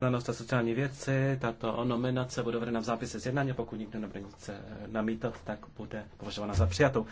Zaměstnanost a sociální věci, tato nominace bude uvedena v zápise z jednání, pokud nikdo nebude nic eh, namítat, tak bude považována za přijatou.